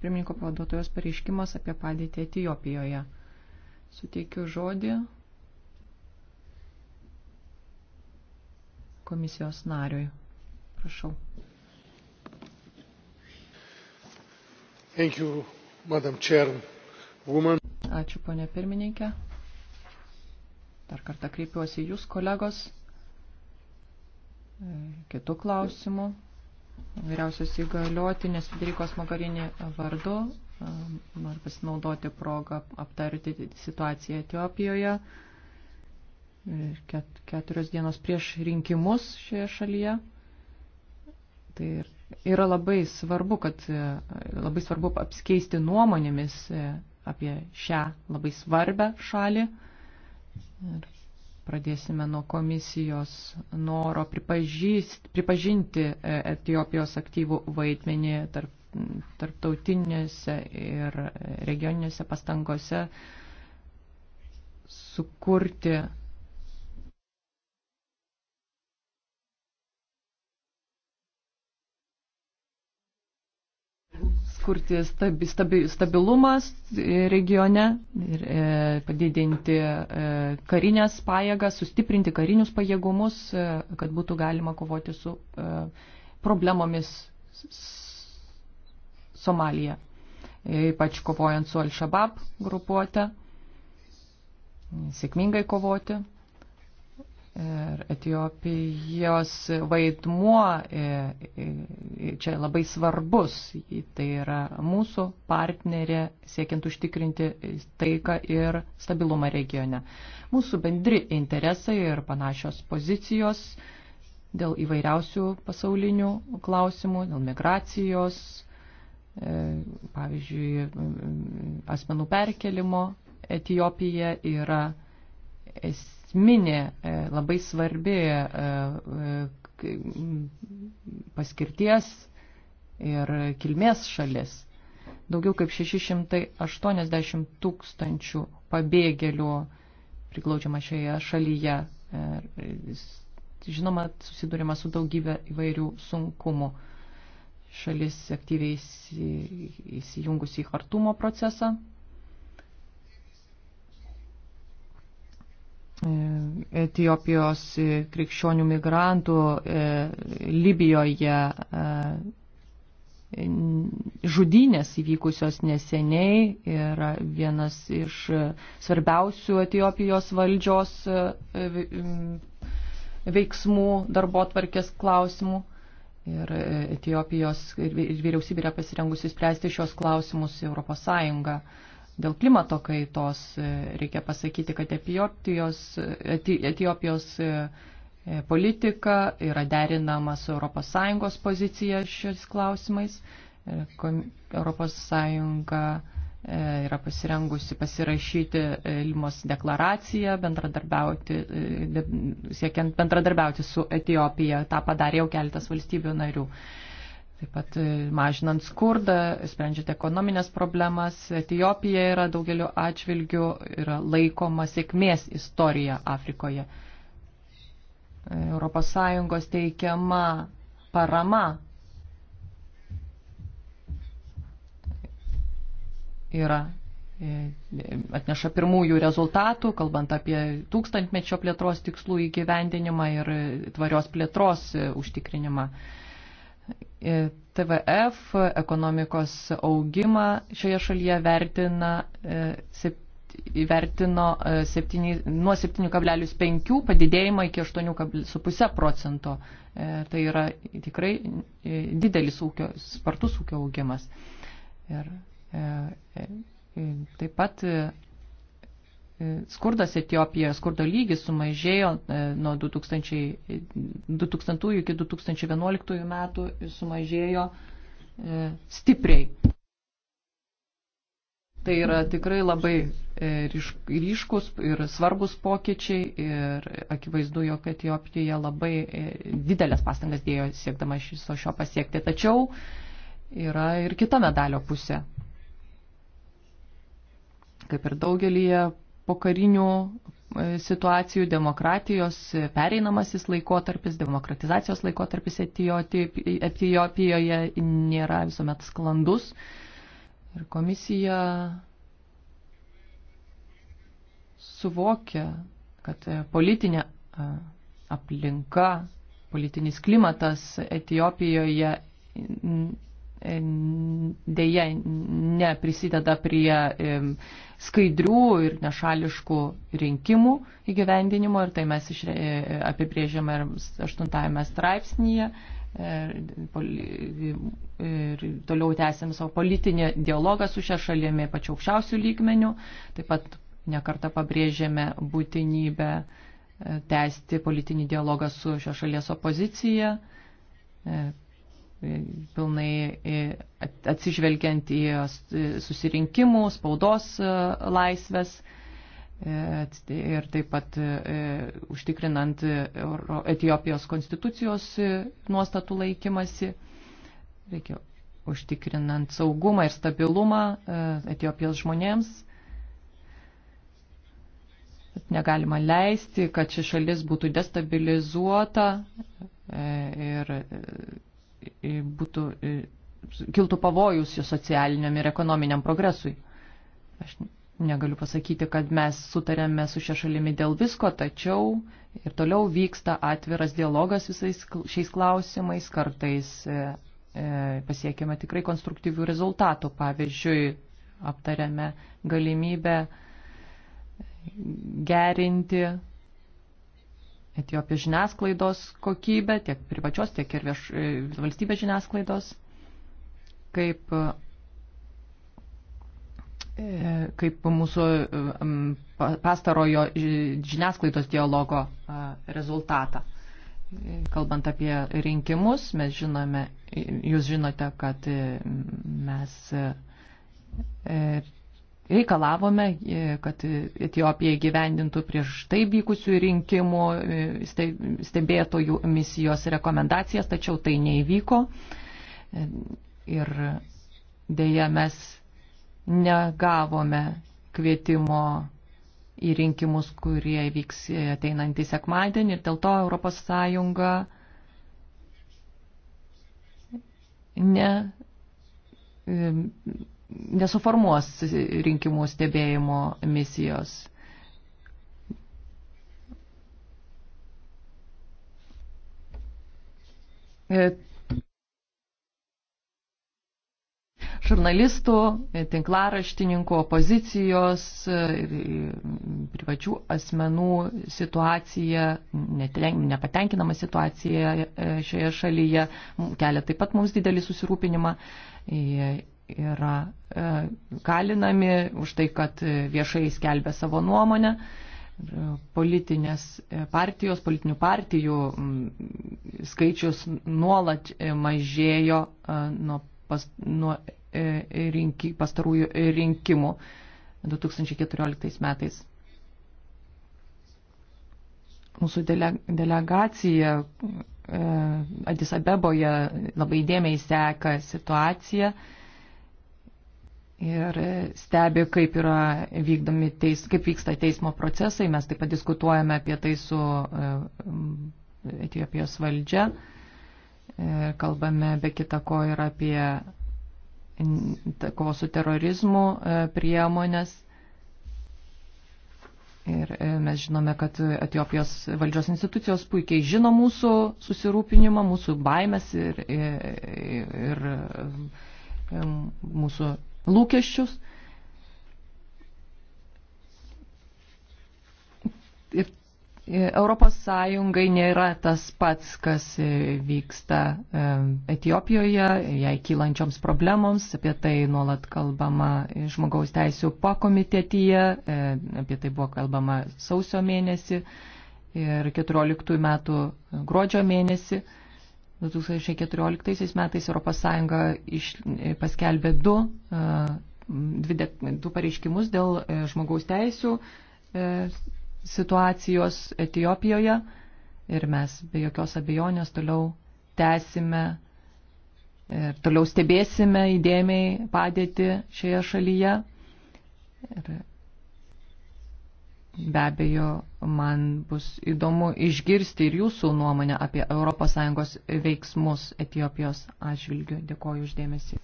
pirmininko pavaduotojos pareiškimas apie padėtį Etijopijoje. Suteikiu žodį komisijos nariui. Prašau. Thank you, Madam Chair, woman. Ačiū, ponė pirmininkė. Dar kartą kreipiuosi jūs, kolegos, e, kitų klausimų vyriausios įgaliotinės Federikos Mogarinį vardu. Um, noriu pasinaudoti progą aptarti situaciją Etiopijoje. Keturios dienos prieš rinkimus šioje šalyje. Tai yra labai svarbu, kad e, labai svarbu apskeisti nuomonėmis e, apie šią labai svarbę šalį. Ir Pradėsime nuo komisijos noro pripažinti e, Etijopijos aktyvų vaidmenį tarp, tarptautinėse ir regioninėse pastangose sukurti atkurti stabi, stabi, stabilumas regione, ir, e, padidinti e, karinės pajėgas, sustiprinti karinius pajėgumus, e, kad būtų galima kovoti su e, problemomis Somalija, ypač kovojant su Al-Shabaab grupuote, sėkmingai kovoti. Ir Etijopijos vaidmuo e, e, čia labai svarbus. Tai yra mūsų partnerė siekiant užtikrinti taiką ir stabilumą regione. Mūsų bendri interesai ir panašios pozicijos dėl įvairiausių pasaulinių klausimų, dėl migracijos, e, pavyzdžiui, asmenų perkelimo Etijopija yra esminė, e, labai svarbi e, e, paskirties ir kilmės šalis. Daugiau kaip 680 tūkstančių pabėgėlių priklaučiama šioje šalyje. Žinoma, susidurima su daugybė įvairių sunkumų. Šalis aktyviai įsijungusi į hartumo procesą, E, Etijopijos krikščionių migrantų e, Libijoje e, žudynės įvykusios neseniai yra vienas iš svarbiausių Etijopijos valdžios veiksmų darbo atvarkės klausimų. Ir Etijopijos vyriausybė yra pasirengusi spręsti šios klausimus Europos Sąjunga dėl klimato kaitos. E, reikia pasakyti, kad Etijopijos, Etijopijos e, e, politika yra derinama su ES pozicija šiais klausimais. ES yra pasirengusi pasirašyti Limos deklaraciją, bendradarbiauti, siekiant bendradarbiauti su Etijopija. Ta padarė jau keletas valstybių narių. Taip pat e, mažinant skurdą, sprendžiant ekonominės problemas, Etijopija yra daugeliu atžvilgių yra laikoma sėkmės istorija Afrikoje. ES teikiama parama yra e, atneša pirmųjų rezultatų, kalbant apie tūkstantmečio plėtros tikslų įgyvendinimą ir tvarios plėtros e, užtikrinimą. E, TVF ekonomikos augimą šioje šalyje vertina, e, įvertino 7, e, nuo 7,5 padidėjimą iki 8,5 procento. Tai yra tikrai didelis ūkio, spartus ūkio augimas. Ir taip pat Skurdas Etijopijoje, skurdo lygis sumažėjo e, nuo 2000, 2000 e, iki 2011 metų, sumažėjo e, stipriai. Tai yra tikrai labai ryškus ir svarbus pokyčiai ir akivaizdu, jog Etijopija labai didelės pastangas dėjo siekdama viso šio pasiekti. Tačiau yra ir kita medalio pusė. Kaip ir daugelįje pokarinių e, situacijų, demokratijos e, pereinamasis laikotarpis, demokratizacijos laikotarpis Etijopijoje nėra visuomet sklandus. Ir komisija suvokia, kad e, politinė aplinka, politinis klimatas Etijopijoje dėja neprisideda prie skaidrių ir nešališkų rinkimų įgyvendinimo ir tai mes e, apibrėžiame ir 8 straipsnėje ir, ir toliau tęsim savo politinį dialogą su šia šalimi pačiu aukščiausių lygmenių. Taip pat nekartą pabrėžėme būtinybę e, tęsti politinį dialogą su šio šalies opozicija, e, pilnai e, atsižvelgiant į e, susirinkimų, spaudos e, laisvės ir taip pat užtikrinant Etijopijos konstitucijos nuostatų laikymasi, reikia užtikrinant saugumą ir stabilumą Etijopijos žmonėms. Negalima leisti, kad ši šalis būtų destabilizuota ir būtų, kiltų pavojus jo socialiniam ir ekonominiam progresui. Aš negaliu pasakyti, kad mes sutarėme su šia šalimi dėl visko, tačiau ir toliau vyksta atviras dialogas visais šiais klausimais, kartais e, e, pasiekime tikrai konstruktyvių rezultatų. Pavyzdžiui, aptarėme galimybę gerinti Etijopijos žiniasklaidos kokybę, tiek privačios, tiek ir vieš, e, valstybės žiniasklaidos, kaip, e, kaip mūsų e, pastarojo žiniasklaidos dialogo rezultatą. Kalbant apie rinkimus, mes žinome, jūs žinote, kad mes reikalavome, e, kad Etijopija įgyvendintų prieš tai vykusių rinkimų e, stebėtojų misijos rekomendacijas, tačiau tai neįvyko. E, ir dėja mes negavome kvietimo į rinkimus, kurie vyks ateinantį sekmadienį ir dėl to ES ne nesuformuos rinkimų stebėjimo misijos. E, žurnalistų, e, tinklaraštininkų, opozicijos e, ir privačių asmenų situacija, nepatenkinama situacija šioje šalyje kelia taip pat mums didelį susirūpinimą yra e, kalinami už tai, kad viešai skelbia savo nuomonę. Politinės e, partijos, politinių partijų mm, skaičius nuolat e, mažėjo nuo, pas, nuo rinki, pastarųjų rinkimų 2014 metais mūsų dele, delegacija e, Adis Abeboje labai dėmiai seka situaciją ir stebi, kaip, yra vykdomi teis, kaip vyksta teismo procesai. Mes taip pat diskutuojame apie tai su e, Etijopijos valdžia. Kalbame be kita ko ir apie kovos su terorizmu e, priemonės. Ir e, mes žinome, kad Etijopijos valdžios institucijos puikiai žino mūsų susirūpinimą, mūsų baimės ir, ir, ir mūsų lūkesčius. Ir e, Europos Sąjungai nėra tas pats, kas e, vyksta e, Etijopijoje, jai kylančioms problemoms, apie tai nuolat kalbama žmogaus teisų pakomitetyje, apie tai buvo kalbama sausio mėnesį ir 14 metų gruodžio mėnesį. 2014 metais ES iš, e, paskelbė du, e, dvi, du pareiškimus dėl e, žmogaus teisų situacijos Etijopijoje ir mes be jokios abejonės toliau tęsime ir toliau stebėsime įdėmiai padėti šioje šalyje. Ir Be abejo, man bus įdomu išgirsti ir jūsų nuomonę apie ES veiksmus Etijopijos atžvilgių. Dėkoju uždėmesį.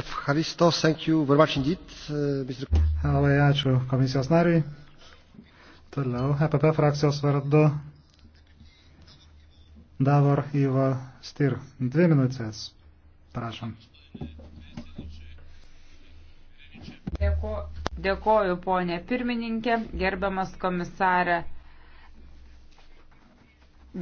Evharisto, thank you very much indeed, uh, Mr. Labai ačiū komisijos nariui. Toliau, EPP frakcijos vardu Davor Ivo Stir. Dvi minutės. Prašom. Dėko, dėkoju, ponė pirmininkė, gerbiamas komisarė.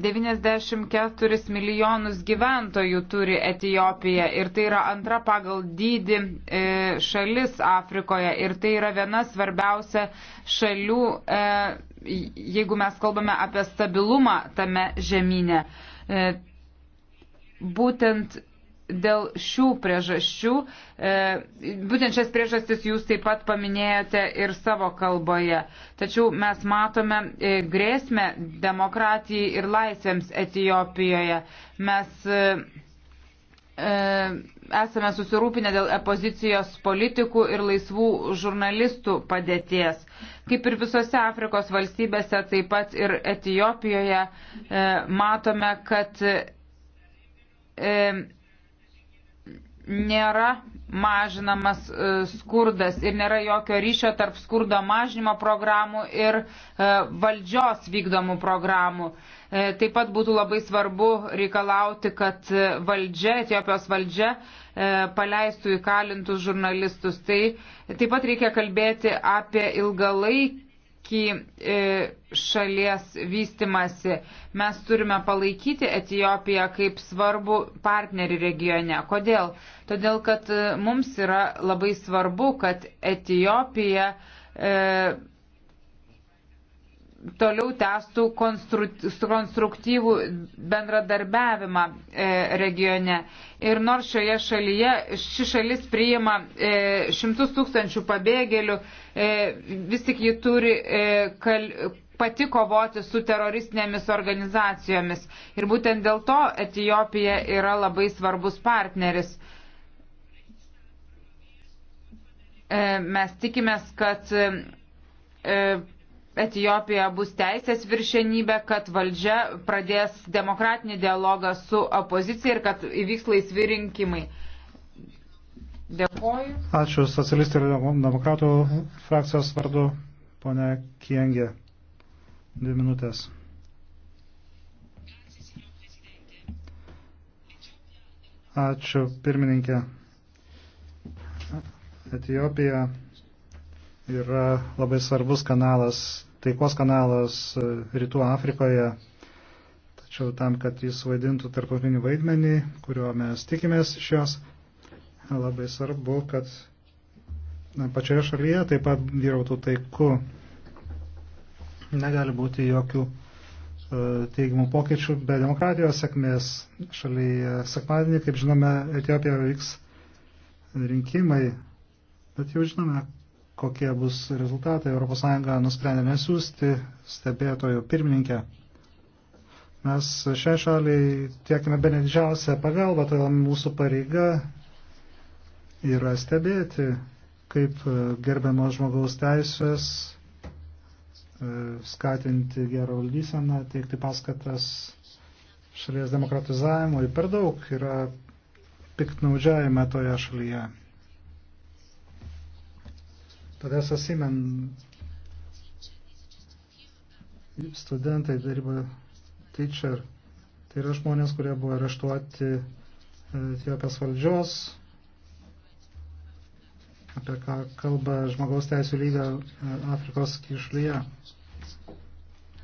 94 milijonus gyventojų turi Etijopija ir tai yra antra pagal dydį e, šalis Afrikoje ir tai yra viena svarbiausia šalių, e, jeigu mes kalbame apie stabilumą tame žemynė. E, būtent dėl šių priežasčių, e, būtent šias priežastis jūs taip pat paminėjote ir savo kalboje. Tačiau mes matome e, grėsmę demokratijai ir laisvėms Etijopijoje. Mes e, esame susirūpinę dėl opozicijos politikų ir laisvų žurnalistų padėties. Kaip ir visose Afrikos valstybėse, taip pat ir Etijopijoje matome, kad nėra mažinamas e, skurdas ir nėra jokio ryšio tarp skurdo mažinimo programų ir e, valdžios vykdomų programų. E, taip pat būtų labai svarbu reikalauti, kad valdžia, Etiopijos valdžia paleistų įkalintus žurnalistus. Tai taip pat reikia kalbėti apie ilgalaikį tokį e, šalies vystimasi. Mes turime palaikyti Etijopiją kaip svarbu partnerį regione. Kodėl? Todėl, kad e, mums yra labai svarbu, kad Etijopija e, toliau tęstų konstruktyvų bendradarbiavimą e, regione. Ir nors šioje šalyje, ši šalis priima e, šimtus tūkstančių pabėgėlių, e, vis tik ji turi kal pati kovoti su teroristinėmis organizacijomis. Ir būtent dėl to Etijopija yra labai svarbus partneris. Mes tikimės, kad Etijopija bus teisės viršenybė, kad valdžia pradės demokratinį dialogą su opozicija ir kad įvyks laisvi rinkimai. Dėkoju. Ačiū socialistų ir demokratų frakcijos vardu, ponė Kiengė. Dvi minutės. Ačiū pirmininkė. Etijopija yra labai svarbus kanalas taikos kanalas e, Rytų Afrikoje. Tačiau tam, kad jis vaidintų tarptautinį vaidmenį, kurio mes tikimės iš jos, labai svarbu, kad pačioje šalyje taip pat vyrautų taiku. Negali būti jokių e, teigiamų pokyčių be demokratijos sėkmės šalyje. Sekmadienį, kaip žinome, Etiopijoje vyks rinkimai, bet jau žinome, kokie bus rezultatai. ES nusprendė nesiųsti stebėtojų pirmininkę. Mes šiai šaliai tiekime bene didžiausią pagalbą, todėl mūsų pareiga yra stebėti, kaip e, gerbiamos žmogaus teisės, e, skatinti gerą valdyseną, teikti paskatas šalies demokratizavimui. Per daug yra piktnaudžiavime toje šalyje. Tada Sasimen studentai dirba teacher. Tai yra žmonės, kurie buvo areštuoti e, Etiopijos valdžios, apie ką kalba žmogaus teisų lyga e, Afrikos kišlyje.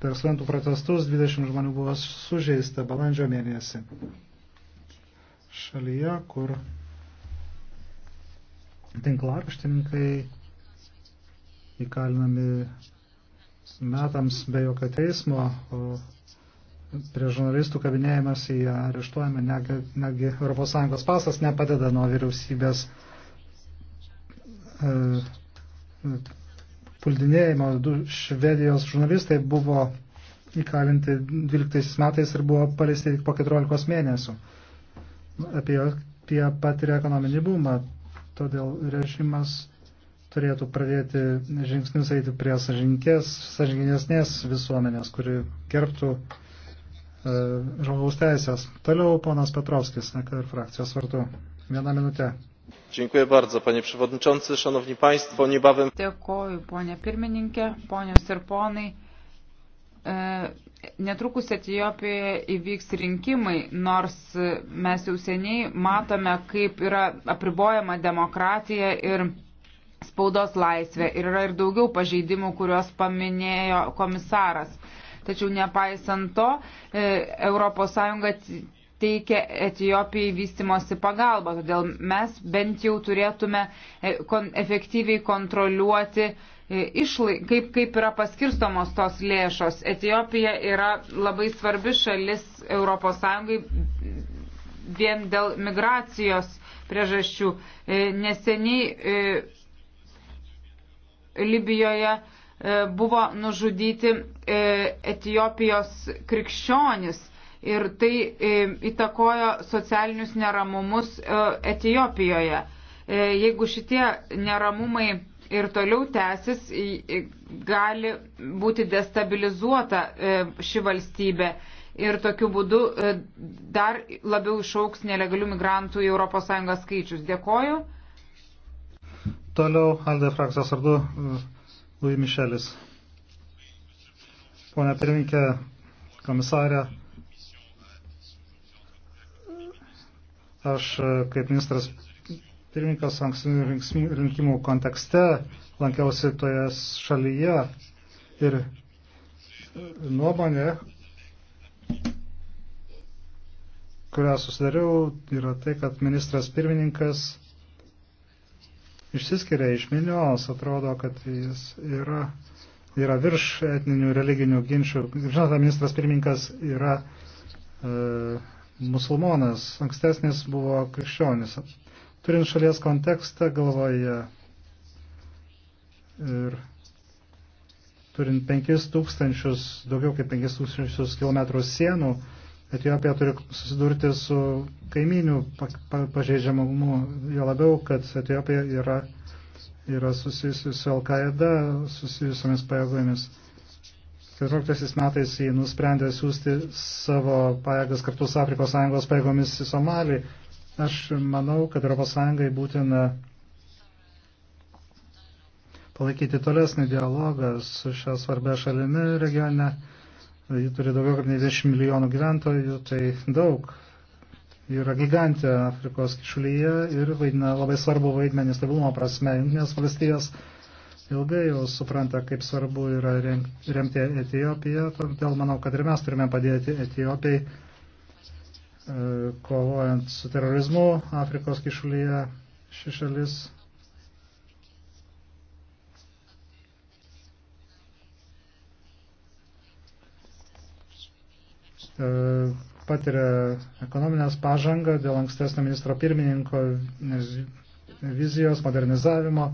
Per studentų protestus 20 žmonių buvo sužeista balandžio mėnesį. Šalyje, kur tinklaraštininkai įkalinami metams be jokio teismo, o prie žurnalistų kabinėjimas į areštuojame, negi, negi ES pasas nepadeda nuo vyriausybės e, puldinėjimo. Du švedijos žurnalistai buvo įkalinti 12 metais ir buvo paleisti tik po 14 mėnesių. Apie, apie patiria ekonominį būmą, todėl režimas turėtų pradėti žingsnius eiti prie sažingesnės visuomenės, kuri gerbtų e, žmogaus teisės. Toliau ponas Petrovskis, ir frakcijos vardu. Vieną minutę. Dziękuję bardzo, panie przewodniczący, szanowni państwo, niebawem... Dėkoju, ponė pirmininkė, ponios ir ponai. E, netrukus Etijopijoje įvyks rinkimai, nors mes jau seniai matome, kaip yra apribojama demokratija ir spaudos laisvę ir yra ir daugiau pažeidimų, kuriuos paminėjo komisaras. Tačiau nepaisant to, ES teikia Etijopijai vystimosi pagalbą, todėl mes bent jau turėtume e, efektyviai kontroliuoti e, išlai, kaip, kaip yra paskirstomos tos lėšos. Etijopija yra labai svarbi šalis ES vien dėl migracijos priežasčių. E, neseniai Libijoje e, buvo nužudyti e, Etijopijos krikščionis ir tai e, įtakojo socialinius neramumus Etijopijoje. Jeigu šitie neramumai ir toliau tęsis, gali būti destabilizuota ši valstybė ir tokiu būdu dar labiau išauks nelegalių migrantų į ES skaičius. Dėkoju. Toliau Alde frakcijos vardu mm, Louis Mišelis. Pone pirminkė, komisarė, aš e, kaip ministras pirmininkas ankstinių rinkimų kontekste lankiausi toje šalyje ir nuomonė, kurią susidariau, yra tai, kad ministras pirmininkas išsiskiria iš minios, atrodo, kad jis yra, yra virš etninių religinių ginčių. Žinote, ministras pirmininkas yra e, musulmonas, ankstesnis buvo krikščionis. Turint šalies kontekstą galvoje ir turint 5000, daugiau kaip 5000 km sienų, e, Etijopija turi susidurti su kaiminių pažeidžiamumu, jo labiau, kad Etijopija yra, yra susijusi su Al-Qaeda, susijusiamis pajėgomis. 14 metais jį nusprendė siūsti savo pajėgas kartu su Afrikos Sąjungos pajėgomis į Somalį. Aš manau, kad Europos Sąjungai būtina palaikyti tolesnį dialogą su šią svarbę šalimi regione ji turi daugiau kaip 90 milijonų gyventojų, tai daug. Yra gigantė Afrikos kišulyje ir vaidina labai svarbu vaidmenį stabilumo prasme. Junktinės valstijos ilgai jau supranta, kaip svarbu yra remti Etijopiją, todėl manau, kad ir mes turime padėti Etijopijai e, kovojant su terorizmu Afrikos kišulyje. Ši šalis E, patiria ekonominės pažangą dėl ankstesnio ministro pirmininko vizijos modernizavimo.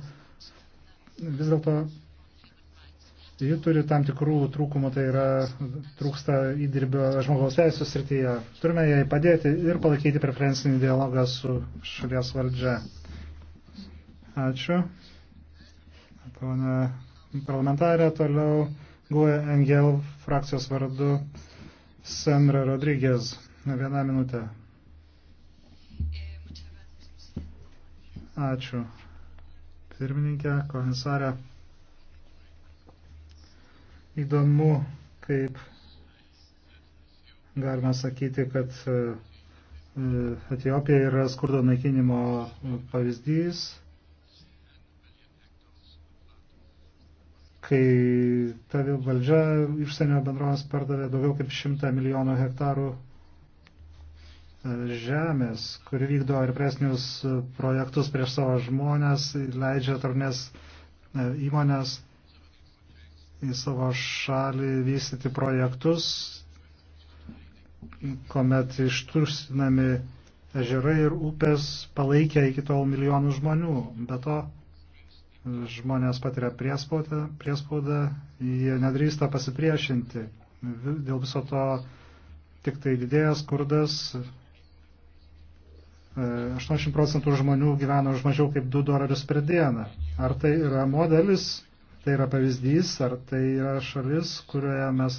Vis dėlto ji turi tam tikrų trūkumų, tai yra trūksta įdirbio žmogaus teisų srityje. Turime jai padėti ir palaikyti preferencinį dialogą su šalies valdžia. Ačiū. Pone parlamentarė, toliau guoja e NGL frakcijos vardu. Senra Rodrygės. Vieną minutę. Ačiū. Pirmininkė, komisarė. Įdomu, kaip galima sakyti, kad e, Etiopija yra skurdo naikinimo pavyzdys kai ta valdžia užsienio bendrovės pardavė daugiau kaip 100 milijonų hektarų e, žemės, kuri vykdo represinius projektus prieš savo žmonės, leidžia tarnės e, įmonės į savo šalį vystyti projektus, kuomet ištursinami ežerai ir upės palaikė iki tol milijonų žmonių. Be to, žmonės patiria priespaudą, priespaudą jie nedrįsta pasipriešinti. Dėl viso to tik tai didėja skurdas. 80 e, procentų žmonių gyvena už mažiau kaip 2 dolerius per dieną. Ar tai yra modelis, tai yra pavyzdys, ar tai yra šalis, kurioje mes,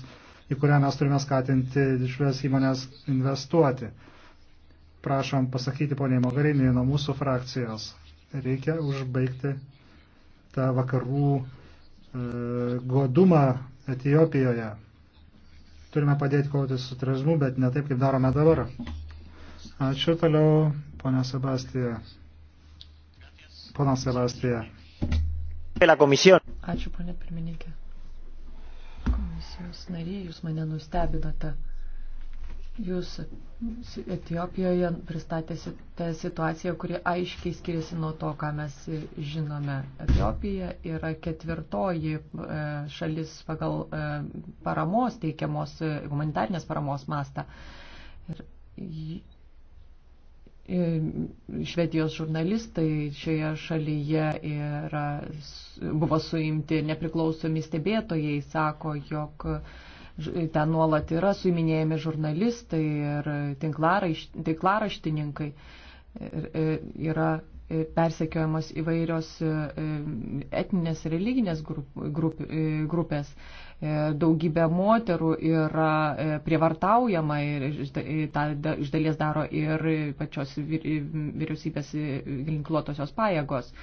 į kurią mes turime skatinti didžiulės įmonės investuoti. Prašom pasakyti poniai Mogarinį nuo mūsų frakcijos. Reikia užbaigti tą vakarų e, godumą Etijopijoje. Turime padėti kovoti su terorizmu, bet ne taip, kaip darome dabar. Ačiū toliau, ponia Sebastija. Pana Sebastija. Ačiū, ponia pirmininkė. Komisijos narė, jūs mane nustebinote. Jūs Etijopijoje pristatėte situaciją, kuri aiškiai skiriasi nuo to, ką mes žinome. Etijopija yra ketvirtoji e, šalis pagal e, paramos teikiamos, e, humanitarnės paramos mastą. Ir Švedijos žurnalistai šioje šalyje yra, buvo suimti nepriklausomi stebėtojai, sako, jog ten nuolat yra suiminėjami žurnalistai ir tinklaraš, tinklaraštininkai, ir, e, yra e, persekiojamos įvairios e, etninės religinės grup, grup, grupės. Daugybė moterų yra prievartaujama ir tą iš dalies daro ir pačios vyriausybės ginkluotosios pajėgos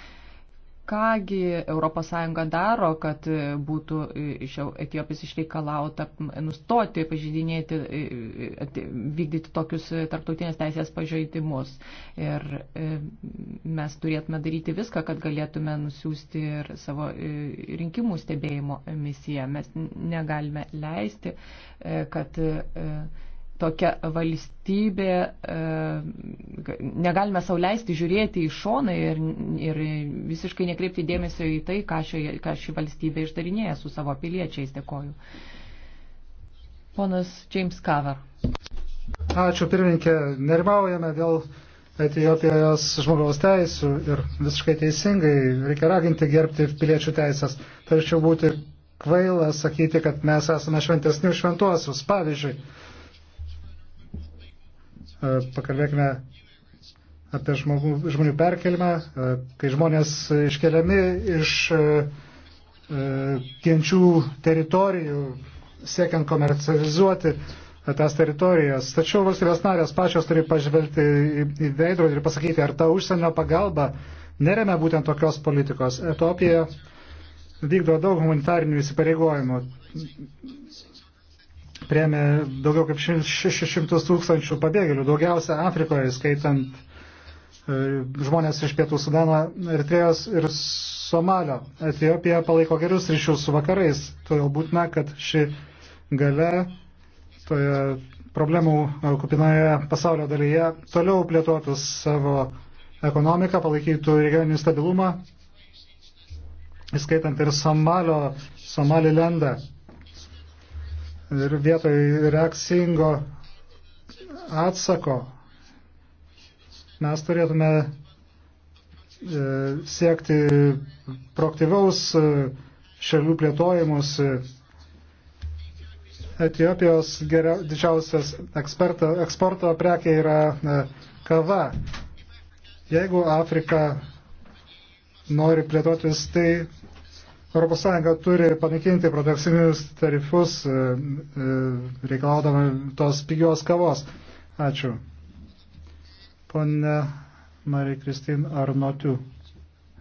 kągi ES daro, kad būtų e, iš Etijopijos išreikalauta nustoti pažydinėti, e, e, vykdyti tokius tarptautinės teisės pažeidimus. Ir mes turėtume daryti viską, kad galėtume nusiųsti ir savo rinkimų stebėjimo misiją. Mes negalime leisti, kad tokia valstybė, e, negalime sauliaisti žiūrėti į šoną ir, ir visiškai nekreipti dėmesio į tai, ką, šioje, ką ši valstybė išdarinėja su savo piliečiais. Dėkoju. Ponas James Cover. Ačiū pirmininkė. Nerimaujame dėl Etijopijos žmogaus teisų ir visiškai teisingai reikia raginti gerbti piliečių teisės. Tačiau būti kvaila sakyti, kad mes esame šventesnių šventuosius. Pavyzdžiui, E, pakalbėkime apie žmogų, žmonių perkelimą, e, kai žmonės iškeliami iš kenčių e, teritorijų, siekiant komercializuoti tas teritorijas. Tačiau valstybės narės pačios turi pažvelgti į, į veidrodį ir pasakyti, ar ta užsienio pagalba neremia būtent tokios politikos. Etopija vykdo daug humanitarinių įsipareigojimų priemė daugiau kaip 600 tūkstančių pabėgėlių, daugiausia Afrikoje, skaitant e, žmonės iš Pietų Sudano, Eritrejos ir Somalio. Etiopija palaiko gerus ryšius su vakarais, todėl būtina, kad ši gale toje problemų kupinoje pasaulio dalyje toliau plėtotų savo ekonomiką, palaikytų regioninį stabilumą, įskaitant ir Somalio, Somalilendą ir vietoj reakcingo atsako mes turėtume e, siekti proaktyvaus e, šalių plėtojimus. Etijopijos geria, didžiausias eksperto, eksporto prekė yra e, kava. Jeigu Afrika nori plėtotis, tai ES turi panaikinti protekcinius tarifus e, e, reikalaudama tos pigios kavos. Ačiū. Pone Marija Kristin Arnotiu.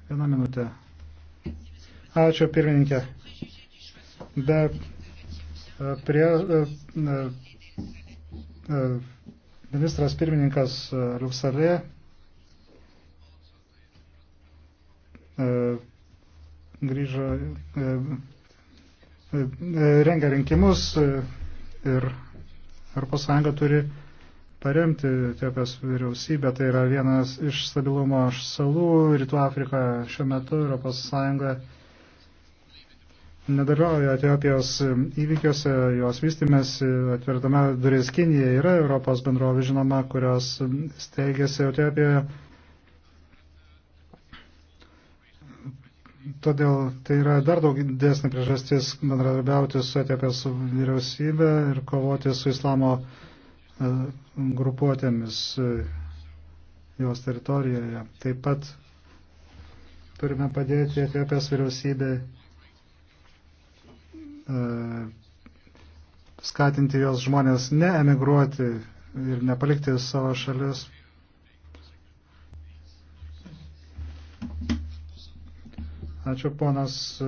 Vieną minutę. Ačiū pirmininkė. Be e, prie, ministras pirmininkas Liuksalė grįžo, e, e, e, rengia rinkimus ir ES turi paremti Etiopijos vyriausybę. Tai yra vienas iš stabilumo salų Rytų Afrikoje. Šiuo metu ES nedalyvauja Etiopijos įvykiuose, jos vystimės, atverdama duris Kinija yra Europos bendrovė žinoma, kurios steigėsi Etiopijoje Todėl tai yra dar daug didesnė priežastis bendradarbiauti su Etiopijos vyriausybė ir kovoti su islamo e, grupuotėmis e, jos teritorijoje. Taip pat turime padėti Etiopijos vyriausybė e, skatinti jos žmonės neemigruoti ir nepalikti savo šalis Ačiū ponas e,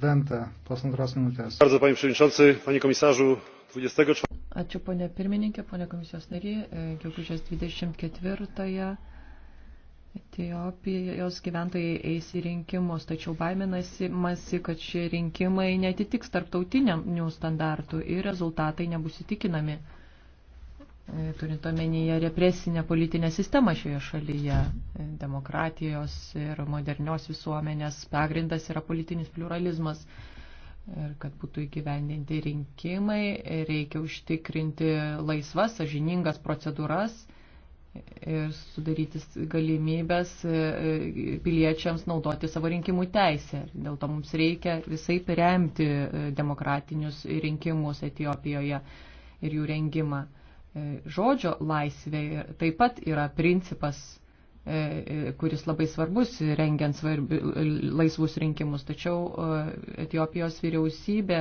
Venta, pusantros minutės. Bardzo, panie przewodniczący, panie komisarzu, 24. Ačiū ponė pirmininkė, ponė komisijos narė, e, gegužės 24-ąją Etijopijos gyventojai eis į rinkimus, tačiau baiminasi, masi, kad šie rinkimai netitiks tarptautiniam standartų ir rezultatai nebus įtikinami. E, turint omenyje represinę politinę sistemą šioje šalyje. E, demokratijos ir modernios visuomenės pagrindas yra politinis pluralizmas. Ir kad būtų įgyvendinti rinkimai, reikia užtikrinti laisvas, sažiningas procedūras ir sudaryti galimybės e, piliečiams naudoti savo rinkimų teisę. Dėl to mums reikia visai remti demokratinius rinkimus Etijopijoje ir jų rengimą. E, žodžio laisvė taip pat yra principas, e, e, kuris labai svarbus rengiant svarbi, laisvus rinkimus. Tačiau Etijopijos vyriausybė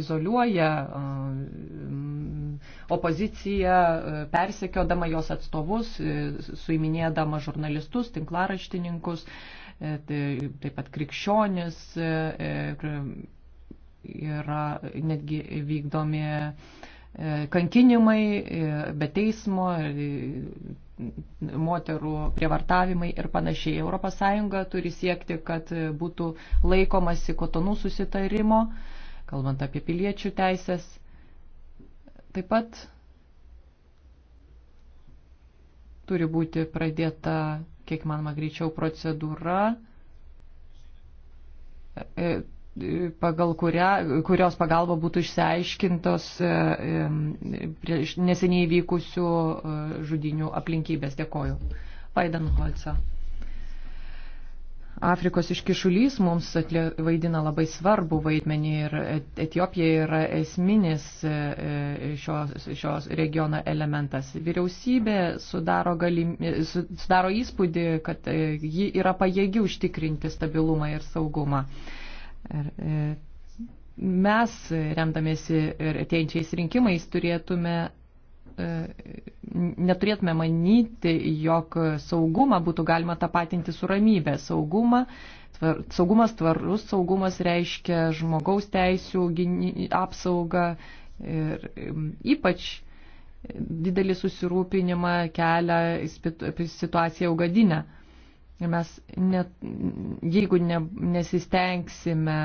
izoliuoja opoziciją, persekiodama jos atstovus, suiminėdama žurnalistus, tinklaraštininkus, tai, taip pat krikščionis yra netgi vykdomi E, kankinimai, e, be teismo, e, moterų prievartavimai ir panašiai. ES turi siekti, kad būtų laikomasi kotonų susitarimo, kalbant apie piliečių teisės. Taip pat turi būti pradėta, kiek manoma, greičiau procedūra pagal kurią, kurios pagalba būtų išsiaiškintos e, e, prieš neseniai vykusių e, žudinių aplinkybės. Dėkoju. Vaidenholca. Afrikos iškišulys mums atlė, vaidina labai svarbų vaidmenį ir Etijopija yra esminis šios, šios regiono elementas. Vyriausybė sudaro, galim, sudaro įspūdį, kad ji yra pajėgi užtikrinti stabilumą ir saugumą. Ir, e, mes, remdamėsi ir ateinčiais rinkimais, turėtume e, neturėtume manyti, jog saugumą būtų galima tapatinti su ramybė. Saugumą, tvar, saugumas tvarus, saugumas reiškia žmogaus teisų apsaugą ir ypač didelį susirūpinimą kelia situacija augadinę. Ir mes, net, jeigu ne, nesistengsime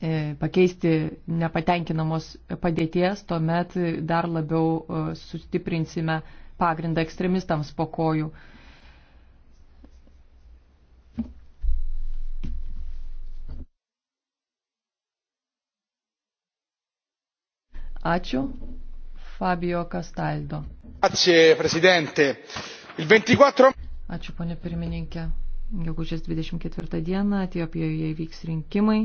e, pakeisti nepatenkinamos padėties, tuomet dar labiau e, sustiprinsime pagrindą ekstremistams po kojų. Ačiū. Fabio Castaldo. Grazie, Presidente. Il 24... Ačiū, ponė pirmininkė. Gegužės 24 dieną Etijopijoje įvyks rinkimai.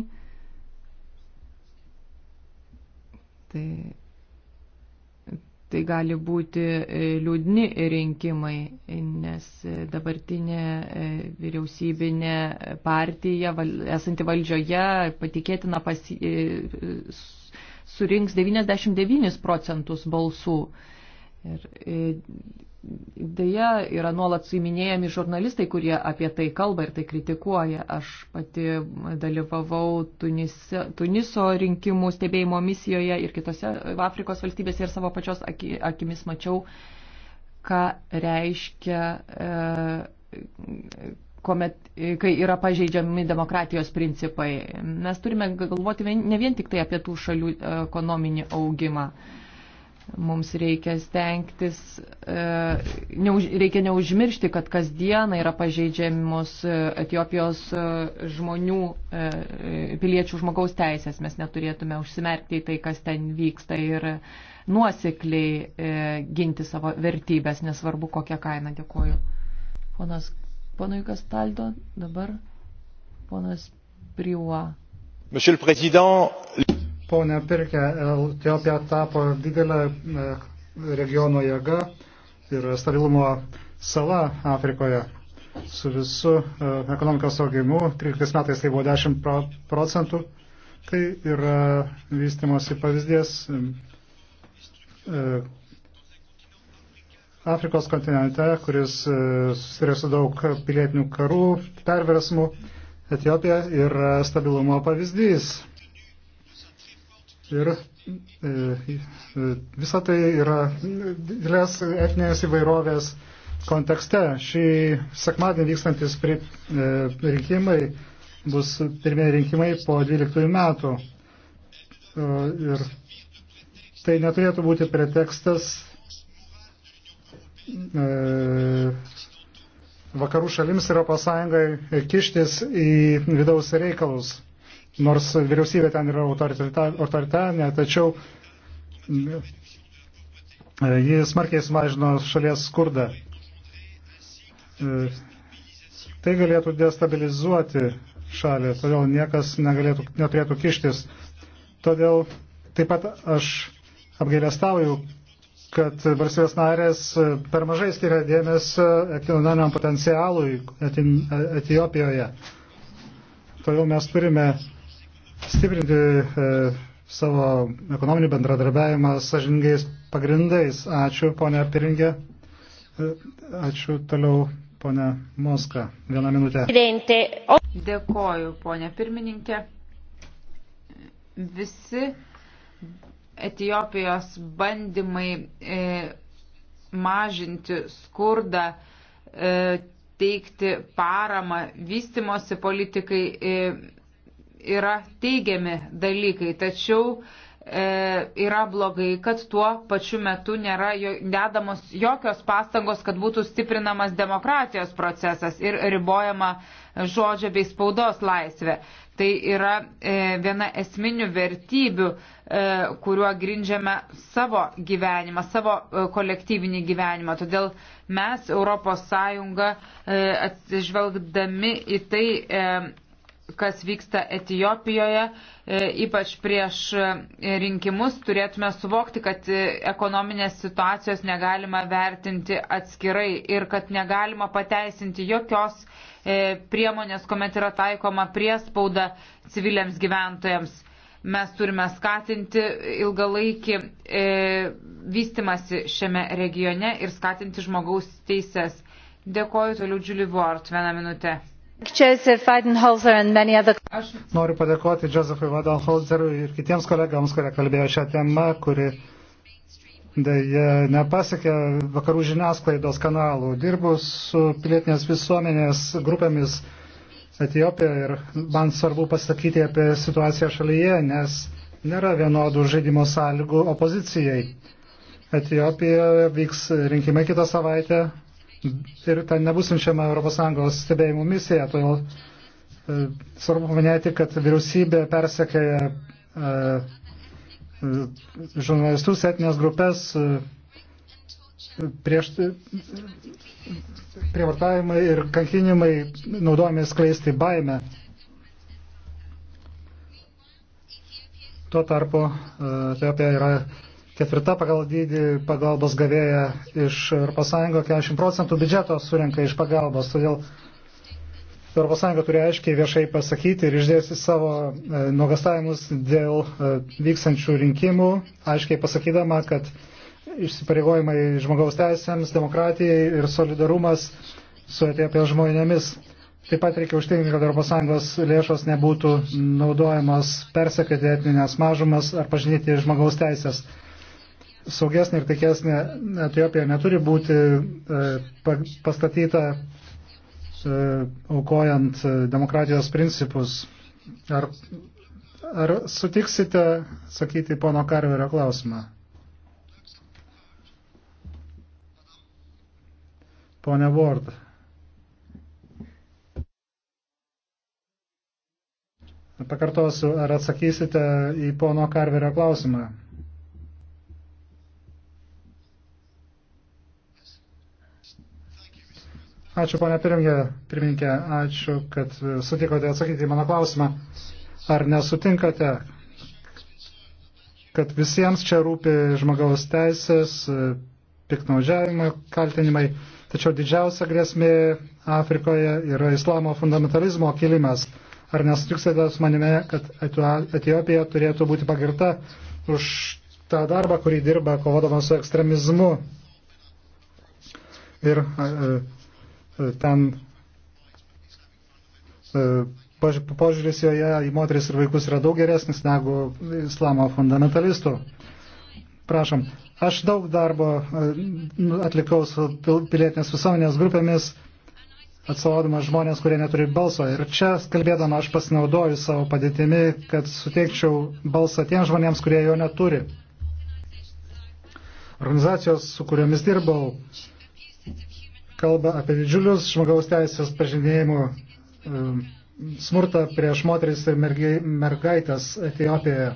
Tai, tai gali būti e, liūdni rinkimai, nes e, dabartinė e, vyriausybinė partija, esanti valdžioje, patikėtina pasi, surinks 99 procentus balsų. Ir Deja, yra nuolat suiminėjami žurnalistai, kurie apie tai kalba ir tai kritikuoja. Aš pati dalyvavau Tunise, Tuniso rinkimų stebėjimo misijoje ir kitose Afrikos valstybėse ir savo pačios akimis mačiau, ką reiškia, e, kuomet, kai yra pažeidžiami demokratijos principai. Mes turime galvoti ne vien tik tai apie tų šalių e, ekonominį augimą Mums reikia stengtis, e, neuž, reikia neužmiršti, kad kasdieną yra pažeidžiamos e, Etijopijos e, žmonių, piliečių žmogaus teisės. Mes neturėtume užsimerkti į tai, kas ten vyksta ir nuosekliai ginti savo vertybės, nesvarbu kokią kainą. Dėkuoju. Ponas, ponui Kastaldo, dabar ponas Priua. Monsieur le Président, Pone Pirke, Etiopija tapo didelę e, regiono jėga ir stabilumo sala Afrikoje su visu e, ekonomikos augimu. 13 metais tai buvo 10 procentų. Tai yra vystimosi pavyzdės e, Afrikos kontinente, kuris susiduria su daug pilietinių karų, perversmų, Etiopija yra stabilumo pavyzdys. Ir e, e, Visą tai yra didelės etninės įvairovės kontekste. Šį sekmadienį vykstantis e, rinkimai bus pirmieji rinkimai po 12 metų. Ir tai neturėtų būti pretekstas vakarų šalims Europos Sąjungai kištis į vidaus reikalus nors vyriausybė ten yra autoritarinė, tačiau mm, jis smarkiai sumažino šalies skurdą. Tai galėtų destabilizuoti šalį, todėl niekas negalėtų, neturėtų kištis. Todėl taip pat aš apgailestauju, kad valstybės narės per mažai skiria dėmesio ekonominiam potencialui Etijopijoje. Todėl mes turime stiprinti e, savo ekonominį bendradarbiavimą sažingais pagrindais. Ačiū, ponia Piringė. E, ačiū toliau, ponia Moska. Vieną minutę. Dėkoju, ponia pirmininkė. Visi Etijopijos bandymai e, mažinti skurdą, e, teikti paramą vystimosi politikai. E, yra teigiami dalykai, tačiau e, yra blogai, kad tuo pačiu metu nėra jo, dedamos jokios pastangos, kad būtų stiprinamas demokratijos procesas ir ribojama žodžio bei spaudos laisvė. Tai yra e, viena esminių vertybių, e, kuriuo grindžiame savo gyvenimą, savo e, kolektyvinį gyvenimą. Todėl mes, ES, e, atsižvelgdami į tai, e, kas vyksta Etijopijoje, e, ypač prieš e, rinkimus, turėtume suvokti, kad e, ekonominės situacijos negalima vertinti atskirai ir kad negalima pateisinti jokios priemonės, kuomet yra taikoma priespauda civiliams gyventojams. Mes turime skatinti ilgalaikį e, vystimasi šiame regione ir skatinti žmogaus teises. Dėkoju toliau Julie Ward. Vieną minutę. Aš noriu padėkoti Josephui Wadelholzerui ir kitiems kolegams, kurie kalbėjo šią temą, kuri dėja nepasiekė vakarų žiniasklaidos kanalų. Dirbu su pilietinės visuomenės grupėmis Etijopijoje ir man svarbu pasakyti apie situaciją šalyje, nes nėra vienodų žaidimo sąlygų opozicijai. Etijopijoje vyks rinkimai kitą savaitę, ir ten nebus siunčiama ES stebėjimų misija, todėl e, svarbu paminėti, kad vyriausybė persekėja e, e, žurnalistus, etinės grupės, prieš prievartavimai ir kankinimai naudojami skleisti baimę. Tuo tarpu Etiopija yra ketvirta pagal dydį pagalbos gavėja iš ES, 40 procentų biudžeto surenka iš pagalbos, todėl ES turi aiškiai viešai pasakyti ir išdėsti savo e, nuogastavimus dėl e, vykstančių rinkimų, aiškiai pasakydama, kad išsipareigojimai žmogaus teisėms, demokratijai ir solidarumas su Etiopijos žmonėmis. Taip pat reikia užtikrinti, kad ES lėšos nebūtų naudojamos persekėti etninės mažumas ar pažinyti žmogaus teisės saugesnė ir tikesnė Etiopija neturi būti e, pastatyta e, aukojant e, demokratijos principus. Ar, ar sutiksite sakyti pono Karverio klausimą? Pone Ward. Pakartosiu, ar atsakysite į pono Karverio klausimą? Ačiū, ponia pirmininkė, ačiū, kad sutikote atsakyti į mano klausimą. Ar nesutinkate, kad visiems čia rūpi žmogaus teisės, piknaudžiavimo kaltinimai, tačiau didžiausia grėsmė Afrikoje yra islamo fundamentalizmo kilimas. Ar nesutiksite su manimi, kad Etijopija turėtų būti pagirta už tą darbą, kurį dirba kovodama su ekstremizmu? Ir, e, E, ten e, požiūris joje į moteris ir vaikus yra daug geresnis negu islamo fundamentalistų. Prašom, aš daug darbo e, nu, atlikau su pilietinės visuomenės grupėmis, atsavodamas žmonės, kurie neturi balso. Ir čia, kalbėdama, aš pasinaudoju savo padėtimi, kad suteikčiau balsą tiems žmonėms, kurie jo neturi. Organizacijos, su kuriomis dirbau, kalba apie didžiulius žmogaus teisės pažinėjimų e, smurtą prieš moteris ir mergaitės Etijopijoje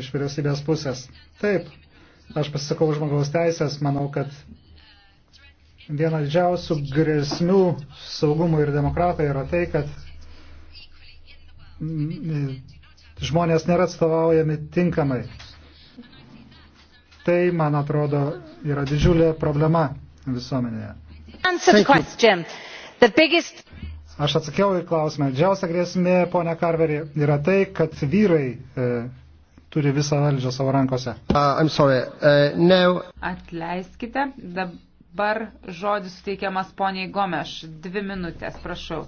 iš vyriausybės pusės. Taip, aš pasisakau žmogaus teisės, manau, kad viena didžiausių grėsmių saugumui ir demokratai yra tai, kad žmonės nėra atstovaujami tinkamai. Tai, man atrodo, yra didžiulė problema visuomenėje. Aš atsakiau į klausimą. Didžiausia grėsmė, ponia Karveri, yra tai, kad vyrai e, turi visą valdžią savo rankose. Uh, sorry, uh, no. Atleiskite, dabar žodis suteikiamas poniai Gomeš. Dvi minutės, prašau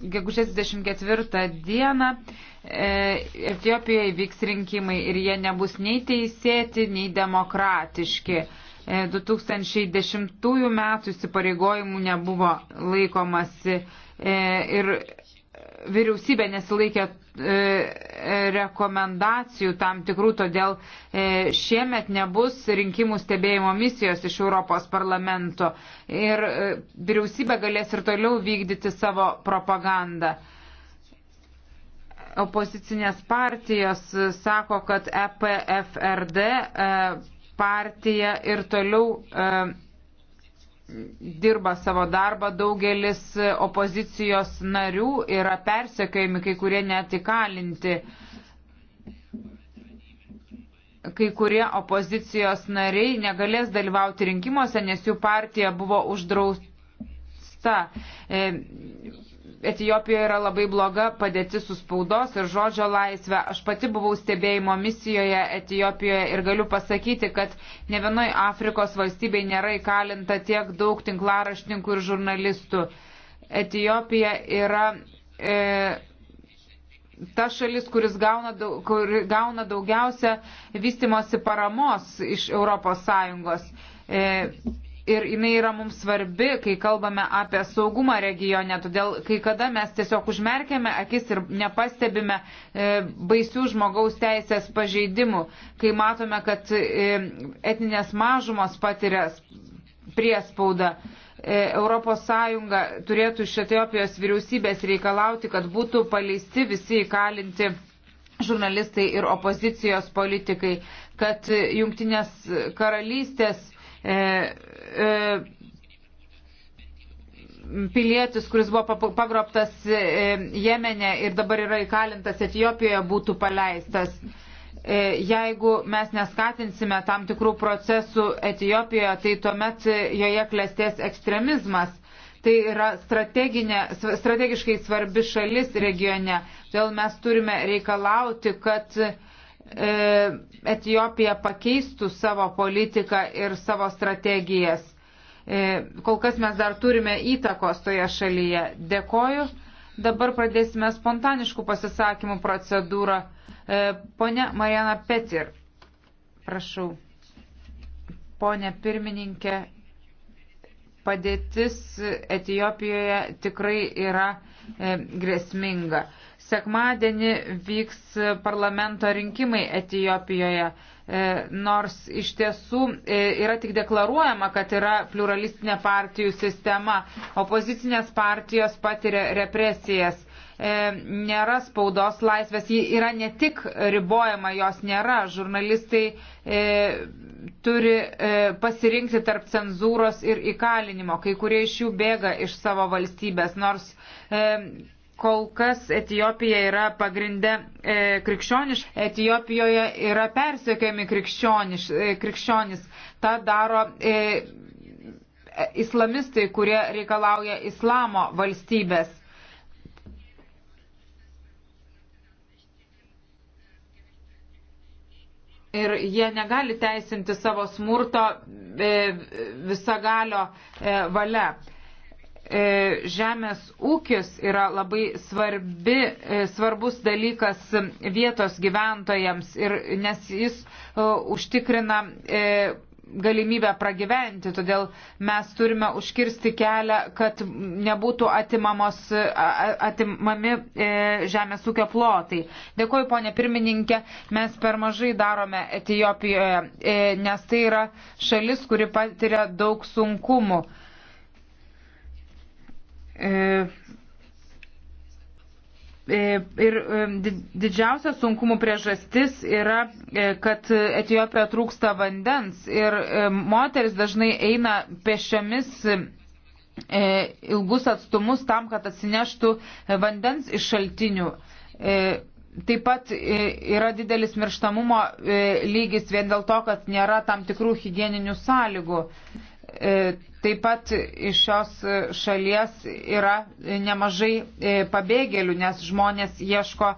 gegužės 24 dieną e, Etiopijoje vyks rinkimai ir jie nebus nei teisėti, nei demokratiški. 2010 e, metų įsipareigojimų nebuvo laikomasi e, ir vyriausybė nesilaikė e, rekomendacijų tam tikrų, todėl e, šiemet nebus rinkimų stebėjimo misijos iš Europos parlamento ir e, vyriausybė galės ir toliau vykdyti savo propagandą. Opozicinės partijos sako, kad EPFRD partija ir toliau dirba savo darbą, daugelis opozicijos narių yra persekiojami, kai kurie net įkalinti. Kai kurie opozicijos nariai negalės dalyvauti rinkimuose, nes jų partija buvo uždrausta. E, Etijopijoje yra labai bloga padėtis su spaudos ir žodžio laisvė. Aš pati buvau stebėjimo misijoje Etijopijoje ir galiu pasakyti, kad ne vienoj Afrikos valstybei nėra įkalinta tiek daug tinklaraštininkų ir žurnalistų. Etijopija yra e, ta šalis, kuris gauna, daug, kur gauna daugiausia vystimosi paramos iš Europos Sąjungos. E, ir jinai yra mums svarbi, kai kalbame apie saugumą regione. Todėl kai kada mes tiesiog užmerkėme akis ir nepastebime e, baisių žmogaus teisės pažeidimų, kai matome, kad e, etninės mažumos patiria priespaudą. E, Europos Sąjunga turėtų iš Etiopijos vyriausybės reikalauti, kad būtų paleisti visi įkalinti žurnalistai ir opozicijos politikai, kad e, jungtinės karalystės e, e, pilietis, kuris buvo pagrobtas e, Jemene ir dabar yra įkalintas Etijopijoje, būtų paleistas. E, jeigu mes neskatinsime tam tikrų procesų Etijopijoje, tai tuomet joje klestės ekstremizmas. Tai yra strategiškai svarbi šalis regione. Todėl mes turime reikalauti, kad E, Etijopija pakeistų savo politiką ir savo strategijas. E, kol kas mes dar turime įtakos toje šalyje. Dėkoju. Dabar pradėsime spontaniškų pasisakymų procedūrą. E, Pone Mariana Petir, prašau. Pone pirmininkė, padėtis Etijopijoje tikrai yra grėsminga. Sekmadienį vyks parlamento rinkimai Etijopijoje, e, nors iš tiesų e, yra tik deklaruojama, kad yra pluralistinė partijų sistema. Opozicinės partijos patiria represijas e, nėra spaudos laisvės, ji yra ne tik ribojama, jos nėra. Žurnalistai e, turi e, pasirinkti tarp cenzūros ir įkalinimo. Kai kurie iš jų bėga iš savo valstybės, nors e, kol kas Etijopija yra pagrindę e, krikščioniš, Etijopijoje yra persiekiami krikščioniš, e, krikščionis. Ta daro e, e, islamistai, kurie reikalauja islamo valstybės. Ir jie negali teisinti savo smurto e, visagalio e, valia. E, žemės ūkis yra labai svarbi, e, svarbus dalykas vietos gyventojams, ir, nes jis e, užtikrina galimybę pragyventi, todėl mes turime užkirsti kelią, kad nebūtų atimamos, atimami žemės ūkio plotai. Dėkuoju, ponė pirmininkė, mes per mažai darome Etijopijoje, nes tai yra šalis, kuri patiria daug sunkumų. E, e, ir e, didžiausia sunkumų priežastis yra, kad Etijopija trūksta vandens ir moteris dažnai eina pešiamis ilgus atstumus tam, kad atsineštų vandens iš šaltinių. Taip pat yra didelis mirštamumo lygis vien dėl to, kad nėra tam tikrų hygieninių sąlygų. E, taip pat iš šios šalies yra nemažai e, pabėgėlių, nes žmonės ieško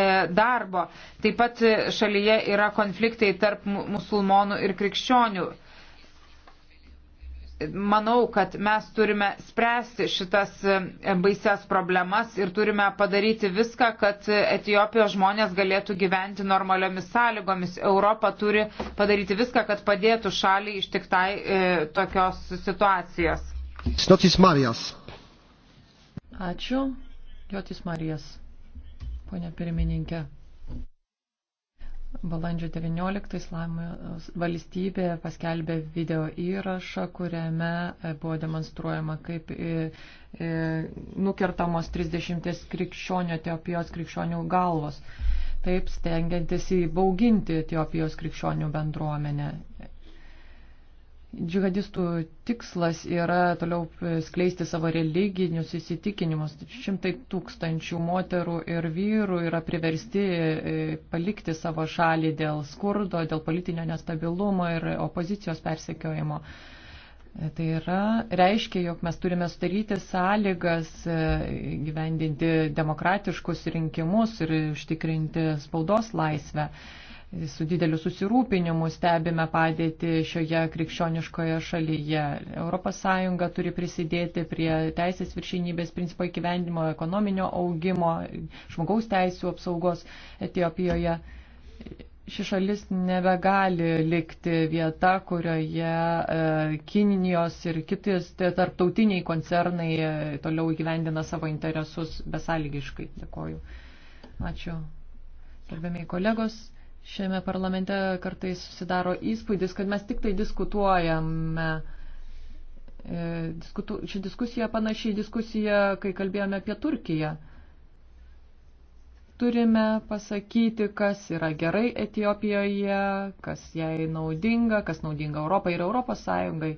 e, darbo. Taip pat šalyje yra konfliktai tarp musulmonų ir krikščionių manau, kad mes turime spręsti šitas e, baises problemas ir turime padaryti viską, kad Etijopijos žmonės galėtų gyventi normaliomis sąlygomis. Europa turi padaryti viską, kad padėtų šaliai ištiktai e, tokios situacijos. Stotis Marijas. Ačiū. Jotis Marijas. Pone pirmininkė. Balandžio 19 Islamo e, valstybė paskelbė video įrašą, kuriame e, buvo demonstruojama, kaip e, nukertamos 30 krikščionių Etiopijos krikščionių galvos, taip stengiantis įbauginti Etiopijos krikščionių bendruomenę džihadistų tikslas yra toliau skleisti savo religinius įsitikinimus. Šimtai tūkstančių moterų ir vyrų yra priversti e, palikti savo šalį dėl skurdo, dėl politinio nestabilumo ir opozicijos persekiojimo. E, tai yra, reiškia, jog mes turime sudaryti sąlygas e, gyvendinti demokratiškus rinkimus ir užtikrinti spaudos laisvę su dideliu susirūpinimu stebime padėti šioje krikščioniškoje šalyje. ES turi prisidėti prie teisės viršinybės principo įgyvendimo, ekonominio augimo, žmogaus teisų apsaugos Etijopijoje. Ši šalis nebegali likti vieta, kurioje e, Kinijos ir kitis tarptautiniai koncernai e, toliau įgyvendina savo interesus besąlygiškai. Dėkoju. Ačiū. Gerbėmiai kolegos, Šiame parlamente kartais susidaro įspūdis, kad mes tik tai diskutuojame. E, diskutu, ši diskusija panašiai diskusija, kai kalbėjome apie Turkiją. Turime pasakyti, kas yra gerai Etijopijoje, kas jai naudinga, kas naudinga Europai ir Europos Sąjungai.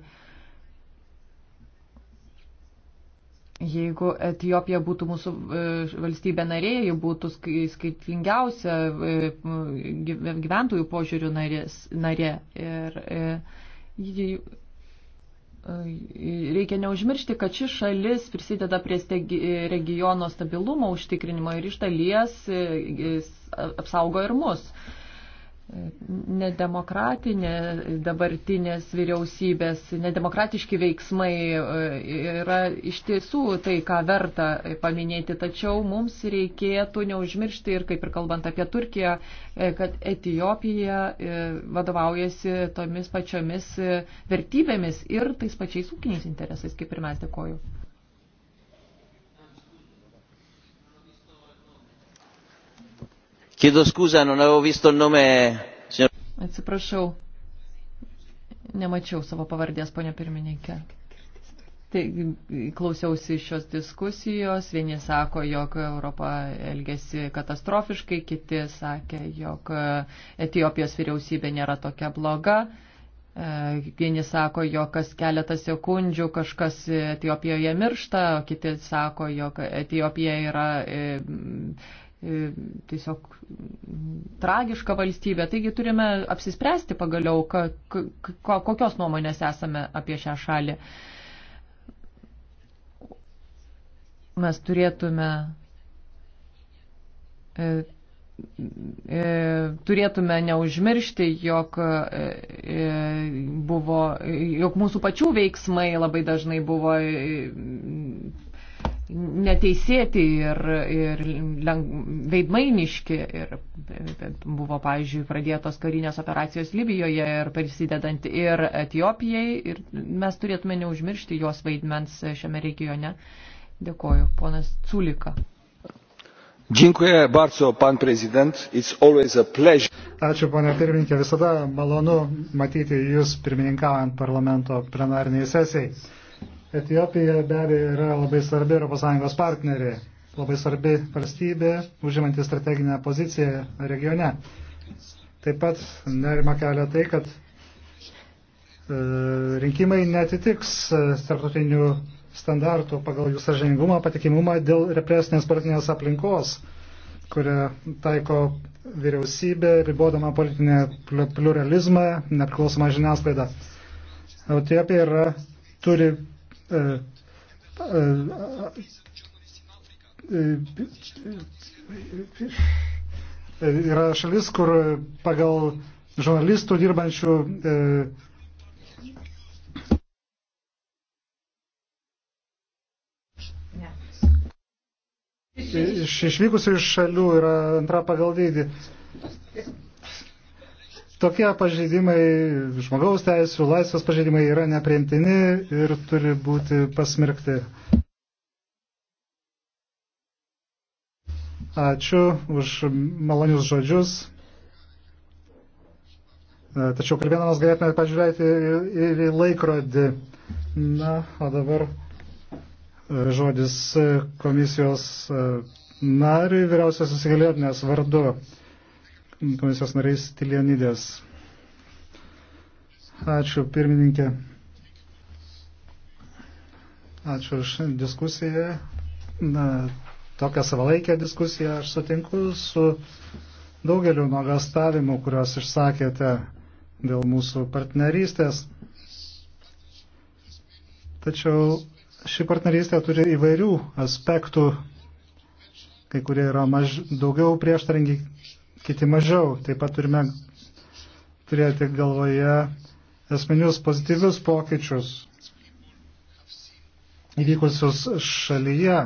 Jeigu Etijopija būtų mūsų e, valstybė narė, ji būtų skirtingiausia e, gyventojų požiūrių narės, narė. Ir, e, ir, Reikia neužmiršti, kad ši šalis prisideda prie regiono stabilumo užtikrinimo ir iš dalies apsaugo ir mus nedemokratinė dabartinės vyriausybės, nedemokratiški veiksmai e, yra iš tiesų tai, ką verta paminėti, tačiau mums reikėtų neužmiršti ir kaip ir kalbant apie Turkiją, e, kad Etijopija e, vadovaujasi tomis pačiomis vertybėmis ir tais pačiais ūkiniais interesais, kaip ir mes dėkoju. Chiedo scusa, non avevo visto il nome. Signor... Atsiprašau, nemačiau savo pavardės, ponia pirmininkė. Tai klausiausi šios diskusijos, vieni sako, jog Europa elgesi katastrofiškai, kiti sakė, jog e, Etijopijos vyriausybė nėra tokia bloga. E, vieni sako, jog kas keletą sekundžių kažkas Etijopijoje miršta, o kiti sako, jog Etijopija yra e, E, tiesiog tragiška valstybė. Taigi turime apsispręsti pagaliau, ka, ka, kokios nuomonės esame apie šią šalį. Mes turėtume, e, e, turėtume neužmiršti, jog, e, buvo, jog mūsų pačių veiksmai labai dažnai buvo e, neteisėti ir, ir veidmainiški. Ir buvo, pavyzdžiui, pradėtos karinės operacijos Libijoje ir prisidedant ir Etijopijai. Ir mes turėtume neužmiršti jos vaidmens šiame regione. Dėkoju, ponas Culika. Bardzo, pan Ačiū, ponė pirmininkė. Visada malonu matyti Jūs pirmininkaujant parlamento plenariniai sesijai. Etijopija be abejo yra labai svarbi ES partnerė, labai svarbi valstybė, užimanti strateginę poziciją regione. Taip pat nerima kelia tai, kad e, rinkimai netitiks e, tarptautinių standartų pagal jų sažiningumą, patikimumą dėl represinės politinės aplinkos, kurią taiko vyriausybė, ribodama politinę pluralizmą, nepriklausomą žiniasklaidą. Etiopija yra, turi yra šalis, kur pagal žurnalistų dirbančių iš išvykusių iš šalių yra antra pagal dydį. Tokie pažeidimai, žmogaus teisų, laisvės pažeidimai yra nepriimtini ir turi būti pasmirkti. Ačiū už malonius žodžius. E, tačiau kalbėdamas galėtume pažiūrėti ir į laikrodį. Na, o dabar e, žodis komisijos e, nariui vyriausios įsigaliotinės vardu komisijos nariais Tilianidės. Ačiū pirmininkė. Ačiū už diskusiją. Na, tokią savalaikę diskusiją aš sutinku su daugeliu nuogastavimų, kuriuos išsakėte dėl mūsų partnerystės. Tačiau ši partnerystė turi įvairių aspektų, kai kurie yra maž, daugiau prieštaringi, kiti mažiau. Taip pat turime turėti galvoje esminius pozityvius pokyčius įvykusius šalyje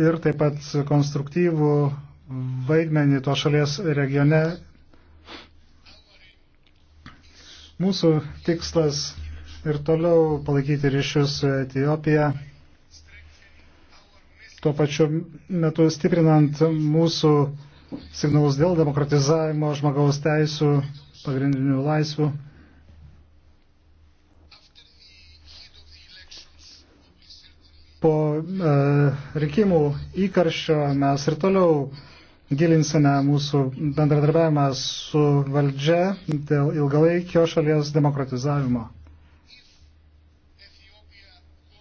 ir taip pat konstruktyvų vaidmenį to šalies regione. Mūsų tikslas ir toliau palaikyti ryšius su Etijopija, tuo pačiu metu stiprinant mūsų signalus dėl demokratizavimo, žmogaus teisų, pagrindinių laisvių. Po e, rinkimų įkarščio mes ir toliau gilinsime mūsų bendradarbiavimą su valdžia dėl ilgalaikio šalies demokratizavimo.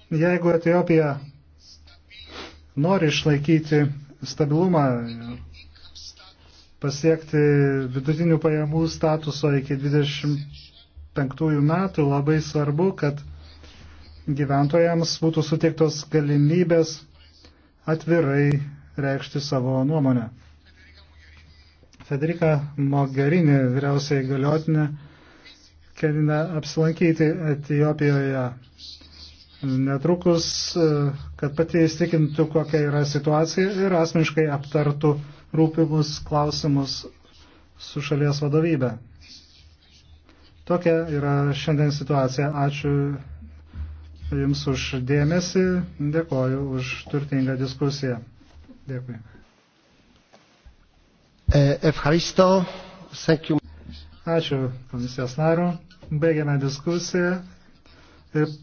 Jeigu Etiopija nori išlaikyti stabilumą pasiekti vidutinių pajamų statuso iki 25 metų, labai svarbu, kad gyventojams būtų suteiktos galimybės atvirai reikšti savo nuomonę. Federika Mogherini, vyriausiai galiotinė, ketina apsilankyti Etijopijoje netrukus, kad pati įstikintų, kokia yra situacija ir asmeniškai aptartų rūpimus klausimus su šalies vadovybė. Tokia yra šiandien situacija. Ačiū Jums už dėmesį, dėkoju už turtingą diskusiją. Dėkui. Efharisto, Ačiū komisijos nariu. Baigiame diskusiją. Ir